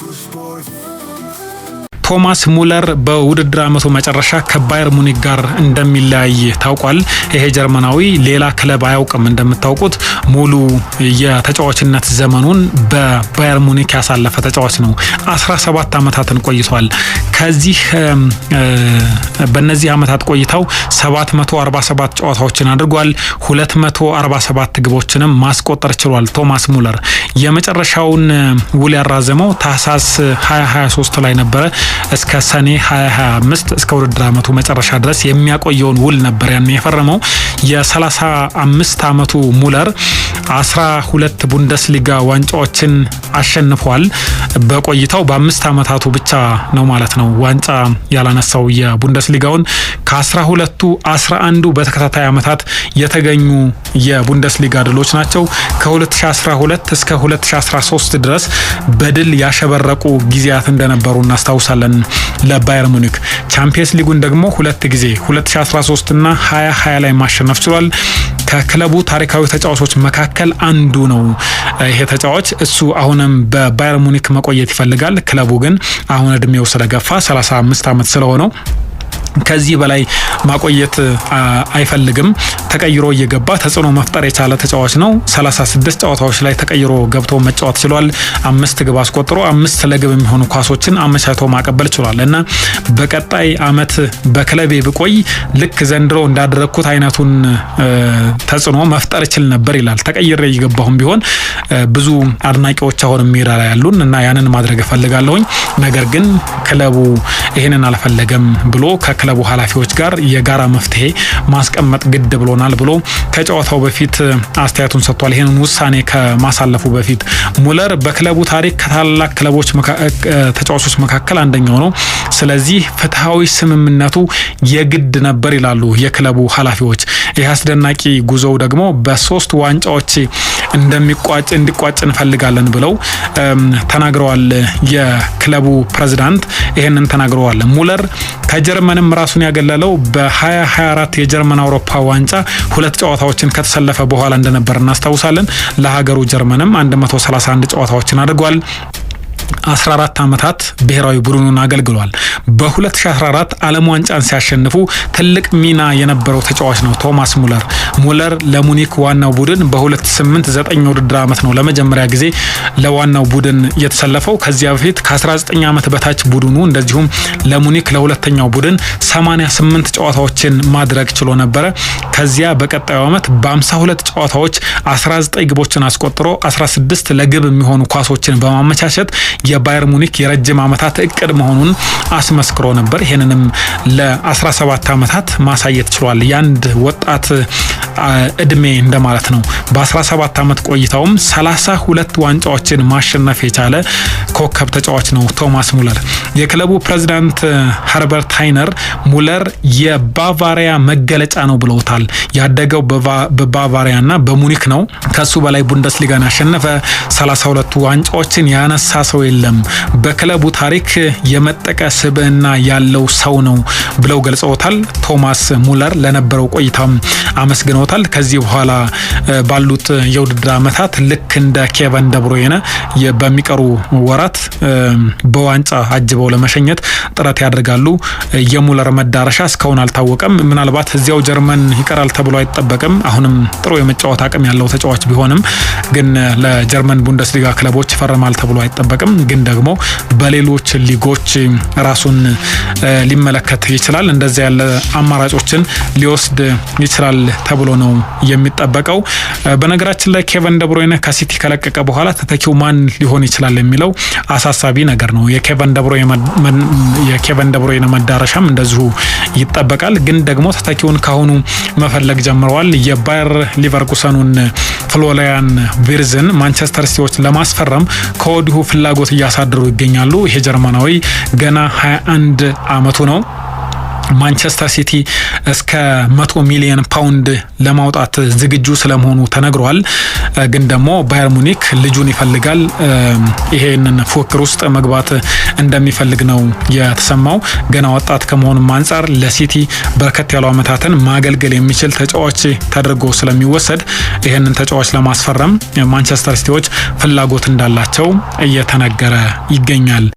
kuş boy ቶማስ ሙለር በውድድር አመቱ መጨረሻ ከባየር ሙኒክ ጋር እንደሚለያይ ታውቋል። ይሄ ጀርመናዊ ሌላ ክለብ አያውቅም። እንደምታውቁት ሙሉ የተጫዋችነት ዘመኑን በባየር ሙኒክ ያሳለፈ ተጫዋች ነው። 17 ዓመታትን ቆይቷል። ከዚህ በነዚህ ዓመታት ቆይታው 747 ጨዋታዎችን አድርጓል። 247 ግቦችንም ማስቆጠር ችሏል። ቶማስ ሙለር የመጨረሻውን ውል ያራዘመው ታህሳስ 2023 ላይ ነበረ። እስከ ሰኔ 2025 እስከ ውድድር አመቱ መጨረሻ ድረስ የሚያቆየውን ውል ነበር ያን የፈረመው የ35 አመቱ ሙለር አስራ ሁለት ቡንደስሊጋ ዋንጫዎችን አሸንፏል። በቆይታው በአምስት ዓመታቱ ብቻ ነው ማለት ነው ዋንጫ ያላነሳው የቡንደስሊጋውን ከአስራ ሁለቱ አስራ አንዱ በተከታታይ ዓመታት የተገኙ የቡንደስሊጋ ድሎች ናቸው። ከ2012 እስከ 2013 ድረስ በድል ያሸበረቁ ጊዜያት እንደነበሩ እናስታውሳለን። ለባየር ሙኒክ ቻምፒየንስ ሊጉን ደግሞ ሁለት ጊዜ 2013 እና 2020 ላይ ማሸነፍ ችሏል። ከክለቡ ታሪካዊ ተጫዋቾች መካከል አንዱ ነው። ይሄ ተጫዋች እሱ አሁንም በባየር ሙኒክ መቆየት ይፈልጋል። ክለቡ ግን አሁን እድሜው ስለገፋ 35 ዓመት ስለሆነው ከዚህ በላይ ማቆየት አይፈልግም። ተቀይሮ እየገባ ተጽዕኖ መፍጠር የቻለ ተጫዋች ነው። 36 ጨዋታዎች ላይ ተቀይሮ ገብቶ መጫወት ችሏል። አምስት ግብ አስቆጥሮ አምስት ለግብ የሚሆኑ ኳሶችን አመቻቶ ማቀበል ችሏል እና በቀጣይ አመት በክለቤ ብቆይ ልክ ዘንድሮ እንዳደረግኩት አይነቱን ተጽዕኖ መፍጠር ችል ነበር ይላል። ተቀይሬ እየገባሁም ቢሆን ብዙ አድናቂዎች አሁን ሜዳ ላይ ያሉን እና ያንን ማድረግ እፈልጋለሁኝ። ነገር ግን ክለቡ ይህንን አልፈለገም ብሎ ከክለቡ ኃላፊዎች ጋር የጋራ መፍትሄ ማስቀመጥ ግድ ብሎናል ብሎ ከጨዋታው በፊት አስተያየቱን ሰጥቷል። ይህንን ውሳኔ ከማሳለፉ በፊት ሙለር በክለቡ ታሪክ ከታላላቅ ክለቦች ተጫዋቾች መካከል አንደኛው ነው። ስለዚህ ፍትሐዊ ስምምነቱ የግድ ነበር ይላሉ የክለቡ ኃላፊዎች። ይህ አስደናቂ ጉዞው ደግሞ በሶስት ዋንጫዎች እንደሚቋጭ እንዲቋጭ እንፈልጋለን ብለው ተናግረዋል። የክለቡ ፕሬዝዳንት ይህንን ተናግረዋል። ሙለር ከጀርመንም ራሱን ያገለለው በ2024 የጀርመን አውሮፓ ዋንጫ ሁለት ጨዋታዎችን ከተሰለፈ በኋላ እንደነበር እናስታውሳለን። ለሀገሩ ጀርመንም 131 ጨዋታዎችን አድርጓል። 14 ዓመታት ብሔራዊ ቡድኑን አገልግሏል። በ2014 ዓለም ዋንጫን ሲያሸንፉ ትልቅ ሚና የነበረው ተጫዋች ነው ቶማስ ሙለር። ሙለር ለሙኒክ ዋናው ቡድን በ2008/9 ውድድር ዓመት ነው ለመጀመሪያ ጊዜ ለዋናው ቡድን የተሰለፈው። ከዚያ በፊት ከ19 ዓመት በታች ቡድኑ እንደዚሁም ለሙኒክ ለሁለተኛው ቡድን 88 ጨዋታዎችን ማድረግ ችሎ ነበረ። ከዚያ በቀጣዩ ዓመት በ52 ጨዋታዎች 19 ግቦችን አስቆጥሮ 16 ለግብ የሚሆኑ ኳሶችን በማመቻቸት የባየር ሙኒክ የረጅም ዓመታት እቅድ መሆኑን አስመስክሮ ነበር። ይህንንም ለ17 ዓመታት ማሳየት ችሏል። የአንድ ወጣት እድሜ እንደማለት ነው። በ17 ዓመት ቆይታውም 32 ዋንጫዎችን ማሸነፍ የቻለ ኮከብ ተጫዋች ነው ቶማስ ሙለር። የክለቡ ፕሬዚዳንት ሀርበርት ሃይነር ሙለር የባቫሪያ መገለጫ ነው ብለውታል። ያደገው በባቫሪያና በሙኒክ ነው። ከሱ በላይ ቡንደስሊጋን ያሸነፈ 32 ዋንጫዎችን ያነሳ ሰው የለም። በክለቡ ታሪክ የመጠቀ ስብዕና ያለው ሰው ነው ብለው ገልጸውታል። ቶማስ ሙለር ለነበረው ቆይታም አመስግነውታል። ከዚህ በኋላ ባሉት የውድድር አመታት ልክ እንደ ኬቨን ደብሮይነ በሚቀሩ ወራት በዋንጫ አጅበው ለመሸኘት ጥረት ያደርጋሉ። የሙለር መዳረሻ እስካሁን አልታወቀም። ምናልባት እዚያው ጀርመን ይቀራል ተብሎ አይጠበቅም። አሁንም ጥሩ የመጫወት አቅም ያለው ተጫዋች ቢሆንም ግን ለጀርመን ቡንደስሊጋ ክለቦች ይፈርማል ተብሎ አይጠበቅም። ግን ደግሞ በሌሎች ሊጎች ራሱን ሊመለከት ይችላል። እንደዚያ ያለ አማራጮችን ሊወስድ ይችላል ተብሎ ነው የሚጠበቀው። በነገራችን ላይ ኬቨን ደብሮይነ ከሲቲ ከለቀቀ በኋላ ተተኪው ማን ሊሆን ይችላል የሚለው አሳሳቢ ነገር ነው። የኬቨን ደብሮይነ መዳረሻም እንደዚሁ ይጠበቃል። ግን ደግሞ ተተኪውን ካሁኑ መፈለግ ጀምረዋል። የባየር ሊቨርኩሰኑን ፍሎሪያን ቪርዝን ማንቸስተር ሲቲዎች ለማስፈረም ከወዲሁ ፍላጎት እያሳደሩ ይገኛሉ። ይሄ ጀርመናዊ ገና 21 ዓመቱ ነው። ማንቸስተር ሲቲ እስከ መቶ ሚሊዮን ፓውንድ ለማውጣት ዝግጁ ስለመሆኑ ተነግሯል። ግን ደግሞ ባየር ሙኒክ ልጁን ይፈልጋል። ይሄንን ፉክክር ውስጥ መግባት እንደሚፈልግ ነው የተሰማው። ገና ወጣት ከመሆኑም አንጻር ለሲቲ በርከት ያሉ ዓመታትን ማገልገል የሚችል ተጫዋች ተደርጎ ስለሚወሰድ ይህንን ተጫዋች ለማስፈረም ማንቸስተር ሲቲዎች ፍላጎት እንዳላቸው እየተነገረ ይገኛል።